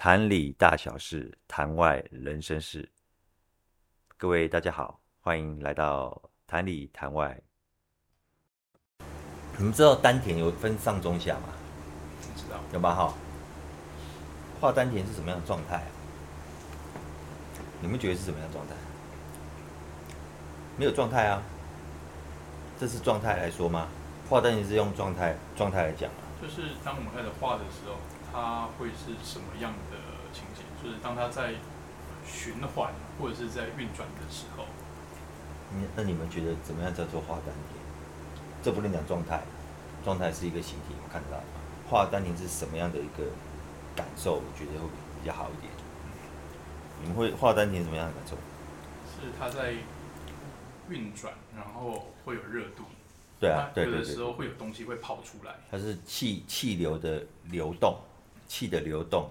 壇裡大小事，壇外人生事。各位大家好，歡迎來到壇裡談外。你們知道丹田有分上中下嗎？你知道。有嗎？號。化丹田是什麼樣的狀態啊？你們覺得是什麼樣的狀態？沒有狀態啊。這是狀態來說嗎？化丹田是用狀態狀態來講啊。就是當我們開始化的時候，它會是什麼樣的？就是當它在循環或者是在運轉的時候，那那你們覺得怎麼樣叫做化丹田？這不能講狀態，狀態是一個形體我看得到。化丹田是什麼樣的一個感受？我覺得會比較好一點。你們會化丹田什麼樣的感受？是它在運轉，然後會有熱度。對啊，對對有的時候會有東西會跑出來。對對對，它是氣氣流的流動，氣的流動。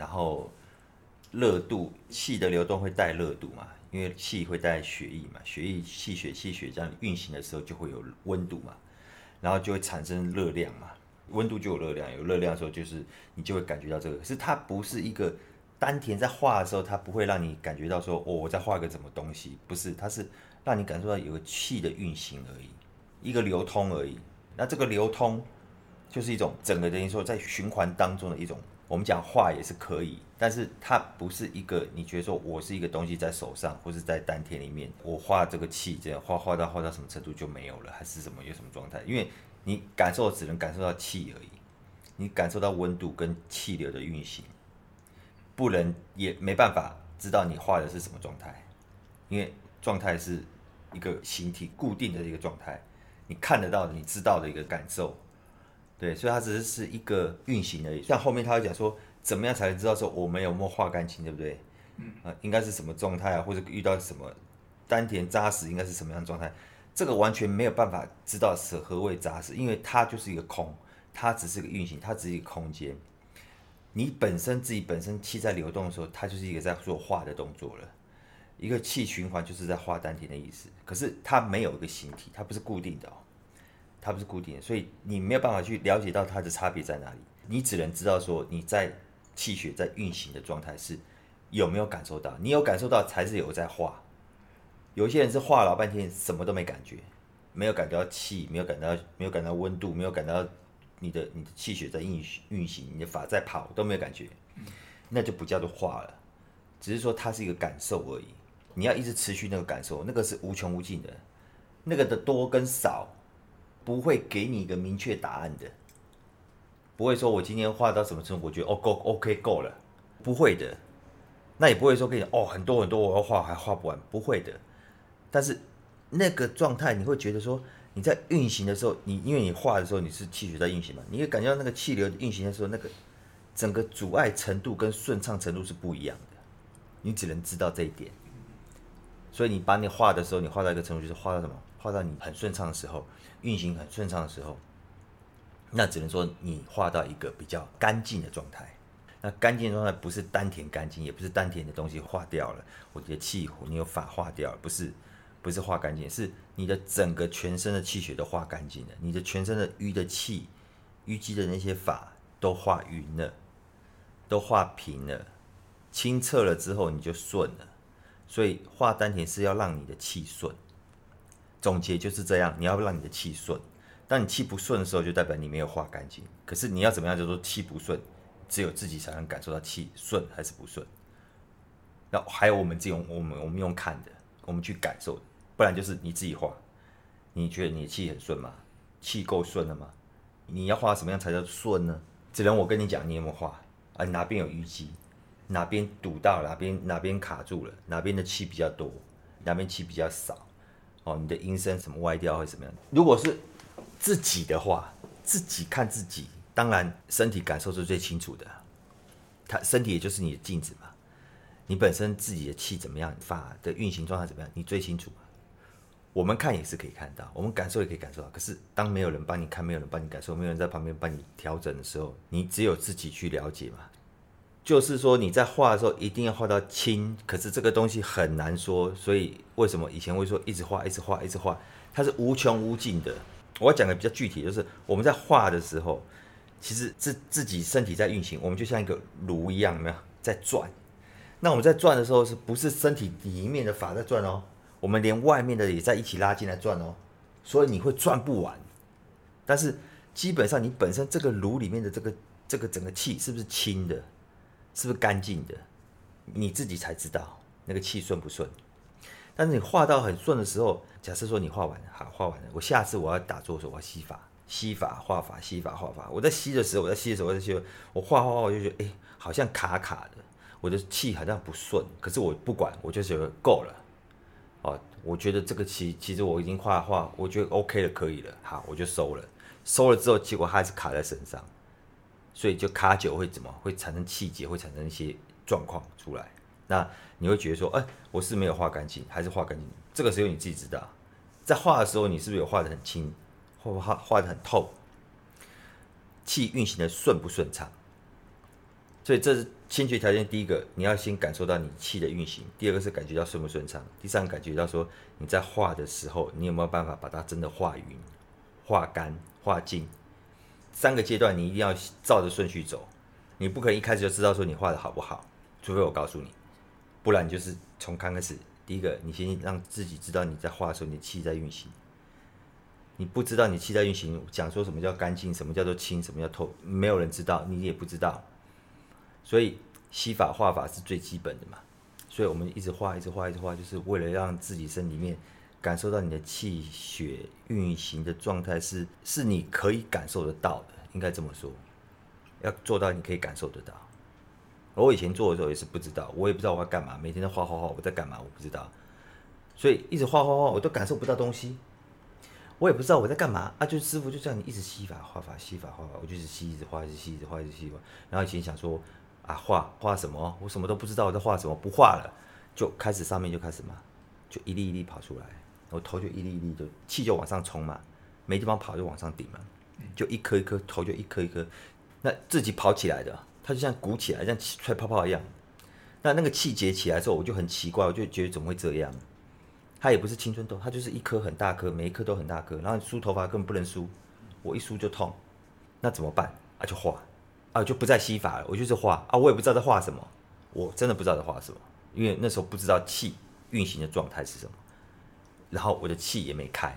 然後熱度，氣的流動會帶熱度嘛，因為氣會帶血液嘛，血液、氣血，氣血這樣運行的時候就會有溫度嘛，然後就會產生熱量嘛，溫度就有熱量，有熱量的時候就是你就會感覺到這個。可是它不是一個丹田在化的時候，它不會讓你感覺到說，哦，我在化一個什麼東西，不是，它是讓你感受到有個氣的運行而已，一個流通而已，那這個流通就是一種整個等於說在循環當中的一種。我們講化也是可以，但是它不是一個，你覺得說我是一個東西在手上，或是在丹田裡面，我化這個氣，這樣化化到化到什麼程度就沒有了，還是什麼有什麼狀態？因為你感受只能感受到氣而已，你感受到溫度跟氣流的運行，不能也沒辦法知道你化的是什麼狀態，因為狀態是一個形體固定的一個狀態，你看得到、你知道的一個感受。對，所以它只是是一個運行而已。像後面他會講說，怎麼樣才能知道說我們有沒有化乾淨，對不對？嗯、呃，應該是什麼狀態啊，或者遇到什麼丹田扎實，應該是什麼樣的狀態？這個完全沒有辦法知道是何謂扎實，因為它就是一個空，它只是一個運行，它只是一個空間。你本身自己本身氣在流動的時候，它就是一個在做化的動作了。一個氣循環就是在化丹田的意思，可是它沒有一個形體，它不是固定的哦。它不是固定的，所以你沒有辦法去了解到它的差別在哪裡。你只能知道說你在氣血在運行的狀態是有沒有感受到？你有感受到才是有在化。有些人是化了半天，什麼都沒感覺，沒有感覺到氣，沒有感覺到，沒有感到溫度，沒有感到你的你的氣血在運運行，你的法在跑都沒有感覺，那就不叫做化了，只是說它是一個感受而已。你要一直持續那個感受，那個是無窮無盡的，那個的多跟少。不會給你一個明確答案的，不會說我今天化到什麼程度，我覺得哦夠、oh,，OK，夠了，不會的，那也不會說給你哦、oh, 很多很多我要化還化不完，不會的。但是那個狀態你會覺得說你在運行的時候，你因為你化的時候你是氣血在運行嘛，你會感覺到那個氣流運行的時候，那個整個阻礙程度跟順暢程度是不一樣的，你只能知道這一點。所以你把你化的時候，你化到一個程度就是化到什麼？化到你很順暢的時候，運行很順暢的時候，那只能說你化到一個比較乾淨的狀態。那乾淨的狀態不是丹田乾淨，也不是丹田的東西化掉了。我的氣，你有法化掉了，不是，不是化乾淨，是你的整個全身的氣血都化乾淨了，你的全身的淤的氣，淤積的那些法都化勻了，都化平了，清澈，了之後你就順了。所以化丹田是要讓你的氣順。總結就是這樣，你要讓你的氣順。當你氣不順的時候，就代表你沒有化乾淨。可是你要怎麼樣？就說氣不順，只有自己才能感受到氣順還是不順。那還有我們這種，我們我們用看的，我們去感受。不然就是你自己化。你覺得你的氣很順嗎？氣夠順了嗎？你要化什麼樣才叫順呢？只能我跟你講，你有沒有化？啊，哪邊有淤積？哪邊堵到？哪邊哪邊卡住了？哪邊的氣比較多？哪邊氣比較少？哦，你的音聲什麼歪掉或者怎麼樣？如果是自己的話，自己看自己，當然身體感受是最清楚的。他身體也就是你的鏡子嘛，你本身自己的氣怎麼樣，法的運行狀態怎麼樣，你最清楚嘛。我們看也是可以看到，我們感受也可以感受到。可是當沒有人幫你看，沒有人幫你感受，沒有人在旁邊幫你調整的時候，你只有自己去了解嘛。就是說你在化的時候一定要化到輕，可是這個東西很難說，所以為什麼以前會說一直化、一直化、一直化，它是無窮無盡的。我要講的比較具體，就是我們在化的時候，其實自自己身體在運行，我們就像一個爐一樣，有沒有在轉。那我們在轉的時候，是不是身體裡面的法在轉哦？我們連外面的也在一起拉進來轉哦。所以你會轉不完，但是基本上你本身這個爐裡面的這個這個整個氣是不是輕的？是不是乾淨的？你自己才知道那個氣順不順。但是你畫到很順的時候，假設說你畫完了，好，畫完了，我下次我要打坐的時候我要吸法，吸法畫法，吸法畫法。我在吸的時候，我在吸的時候，我在吸我畫畫我，我就覺得，哎、欸，好像卡卡的，我的氣好像不順。可是我不管，我就覺得夠了。哦，我覺得這個其實其實我已經畫畫，我覺得 OK 了，可以了，好，我就收了。收了之後，結果它還是卡在身上。所以就卡久會怎麼會產生氣結，會產生一些狀況出來。那你會覺得說，哎，我是沒有化乾淨，還是化乾淨？這個時候你自己知道，在化的時候你是不是有化的很輕，或化化的很透？氣運行的順不順暢？所以這是先決條件。第一個，你要先感受到你氣的運行；第二個是感覺到順不順暢；第三個感覺到說你在化的時候，你有沒有辦法把它真的化勻、化乾、化淨？三個階段你一定要照着順序走，你不可能一開始就知道說你化的好不好，除非我告訴你，不然就是從剛開始，第一個你先讓自己知道你在化的時候你的氣在運行，你不知道你氣在運行，講說什麼叫乾淨，什麼叫做清，什麼叫透，沒有人知道，你也不知道，所以吸法化法是最基本的嘛，所以我們一直化一直化一直化，就是為了讓自己身裡面。感受到你的氣血運行的狀態是是你可以感受得到的。應該這麼說。要做到你可以感受得到。而我以前做的時候也是不知道，我也不知道我要幹嘛，每天在化化化，我在幹嘛我不知道，所以一直化化化，我都感受不到東西，我也不知道我在幹嘛。啊，就是、師父就叫你一直吸法化法吸法化法，我就是吸一直化一直吸一直化一直吸。然後以前想說啊化化什麼？我什麼都不知道我在化什麼，不化了，就開始上面就開始嘛，就一粒一粒跑出來。我頭就一粒一粒就，就氣就往上衝嘛，沒地方跑就往上頂嘛，就一顆一顆，頭就一顆一顆，那自己跑起來的，它就像鼓起來，像吹泡泡一樣。那那個氣結起來的時候，我就很奇怪，我就覺得怎麼會這樣？它也不是青春痘，它就是一顆很大顆，每一顆都很大顆，然後梳頭髮根本不能梳，我一梳就痛。那怎麼辦？啊，就化，啊，就不再洗髮了，我就是化啊，我也不知道在化什麼，我真的不知道在化什麼，因為那時候不知道氣運行的狀態是什麼。然後我的氣也沒開，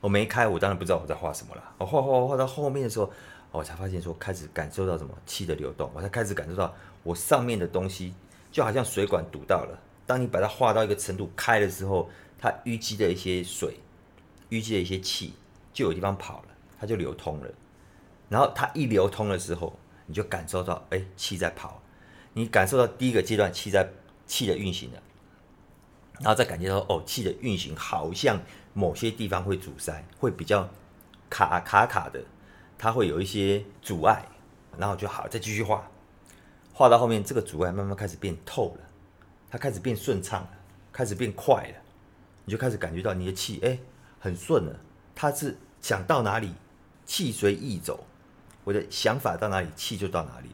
我沒開，我當然不知道我在化什麼了。我化、化化化到後面的時候，我才發現說我開始感受到什麼氣的流動。我才開始感受到我上面的東西就好像水管堵到了。當你把它化到一個程度開的時候，它淤積的一些水、淤積的一些氣就有地方跑了，它就流通了。然後它一流通的時候，你就感受到哎，氣在跑，你感受到第一個階段氣在氣的運行了。然後再感覺到哦，氣的運行好像某些地方會阻塞，會比較卡卡卡的，它會有一些阻礙。然後就好，再繼續化，化到後面，這個阻礙慢慢開始變透了，它開始變順暢了，開始變快了，你就開始感覺到你的氣，哎，很順了。它是想到哪裡，氣隨意走，我的想法到哪裡，氣就到哪裡。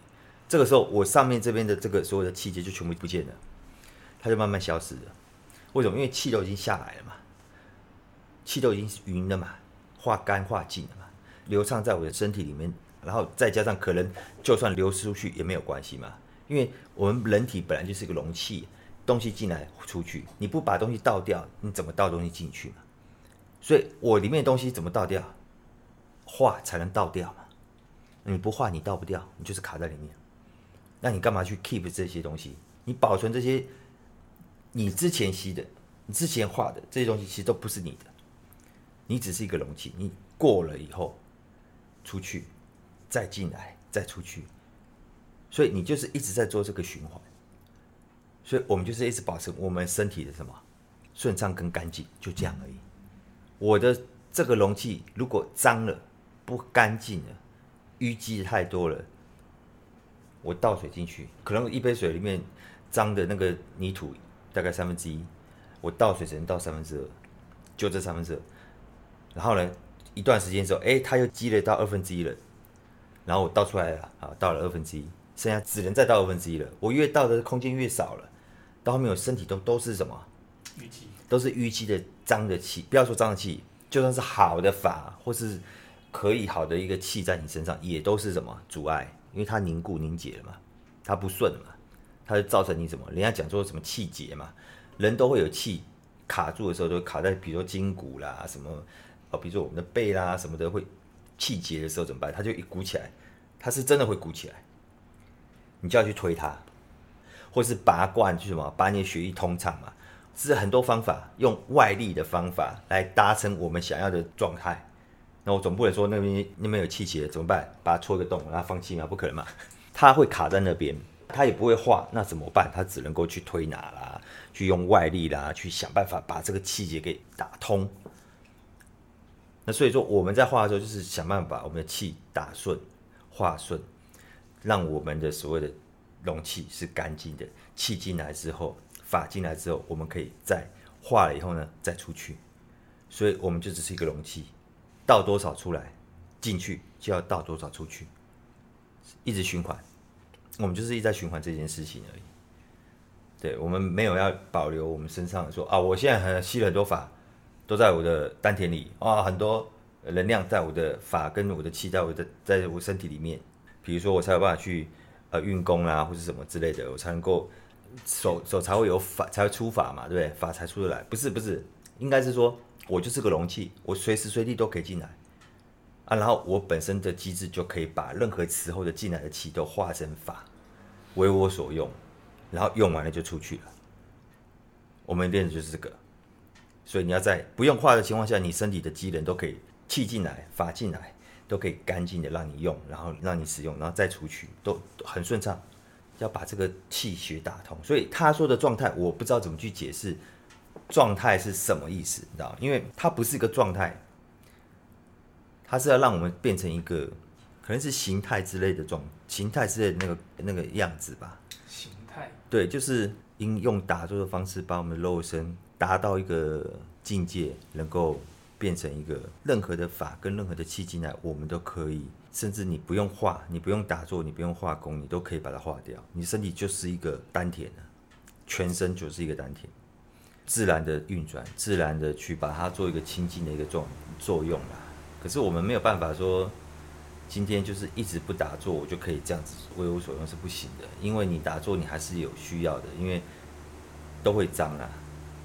這個時候，我上面這邊的這個所有的氣結就全部不見了，它就慢慢消失了。為什麼？因為氣都已經下來了嘛，氣都已經勻了嘛，化乾化淨了嘛，流暢在我的身體裡面。然後再加上，可能就算流失出去也沒有關係嘛，因為我們人體本來就是一個容器，東西進來出去，你不把東西倒掉，你怎麼倒東西進去嘛？所以，我裡面的東西怎麼倒掉？化才能倒掉嘛。你不化，你倒不掉，你就是卡在裡面。那你幹嘛去 keep 這些東西？你保存這些？你之前吸的，你之前化的這些東西，其實都不是你的。你只是一個容器，你過了以後，出去，再進來，再出去，所以你就是一直在做這個循環。所以我們就是一直保持我們身體的什麼順暢跟乾淨，就這樣而已。我的這個容器如果髒了、不乾淨了、淤積太多了，我倒水進去，可能一杯水裡面髒的那個泥土。大概三分之一，3, 我倒水只能倒三分之二，就這三分之二。然後呢，一段時間之後，哎，它又積累到二分之一了。然後我倒出來啊，倒了二分之一，2, 剩下只能再倒二分之一了。我越倒的空間越少了。到後面我身體中都是什麼淤積，預期都是淤積的髒的氣。不要說髒的氣，就算是好的法或是可以好的一個氣在你身上，也都是什麼阻礙，因為它凝固凝結了嘛，它不順了嘛。它就造成你什麼，人家講說什麼氣結嘛，人都會有氣卡住的時候，都卡在比如說筋骨啦什麼，哦，比如說我們的背啦什麼的會氣結的時候怎麼辦？它就一鼓起來，它是真的會鼓起來，你就要去推它，或是拔罐去什麼，把你的血液通暢嘛。是很多方法用外力的方法來達成我們想要的狀態。那我總不能說那邊那邊有氣結怎麼辦？把它戳一個洞讓它放氣嘛？不可能嘛，它會卡在那邊。他也不會化，那怎麼辦？他只能夠去推拿啦，去用外力啦，去想辦法把這個氣結給打通。那所以說我們在化的時候，就是想辦法把我們的氣打順、化順，讓我們的所謂的容器是乾淨的。氣進來之後，法進來之後，我們可以再化了以後呢，再出去。所以我們就只是一個容器，倒多少出來，進去就要倒多少出去，一直循環。我們就是一直在循環這件事情而已對，對我們沒有要保留我們身上的說啊，我現在很吸了很多法，都在我的丹田裡啊，很多能量在我的法跟我的氣在我的在我身體裡面，比如說我才有辦法去呃運功啦、啊，或是什麼之類的，我才能夠手手才會有法，才會出法嘛，對不對？法才出得來，不是不是，應該是說我就是個容器，我隨時隨地都可以進來。啊，然後我本身的機製就可以把任何時候的進來的氣都化成法，為我所用，然後用完了就出去了。我們練的就是這個，所以你要在不用化的情況下，你身體的機能都可以氣進來、法進來，都可以乾淨的讓你用，然後讓你使用，然後再出去，都，都很順暢。要把這個氣血打通。所以他說的狀態，我不知道怎麼去解釋狀態是什麼意思，你知道，因為它不是一個狀態。它是要讓我們變成一個，可能是形態之類的狀，形態之類的那個那個樣子吧。形態。對，就是應用打坐的方式，把我們的肉身達到一個境界，能夠變成一個任何的法跟任何的氣進來，我們都可以。甚至你不用化，你不用打坐，你不用化功，你都可以把它化掉。你身體就是一個丹田，全身就是一個丹田，自然的運轉，自然的去把它做一個清淨的一個狀作用。可是我們沒有辦法說，今天就是一直不打坐，我就可以這樣子為我所用，是不行的。因為你打坐，你還是有需要的，因為都會髒啦、啊，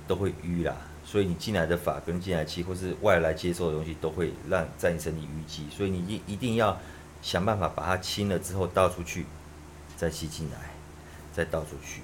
都會瘀啦、啊，所以你進來的法跟進來的氣或是外來接受的東西，都會讓在你身體淤積，所以你一一定要想辦法把它清了之後倒出去，再吸進來，再倒出去。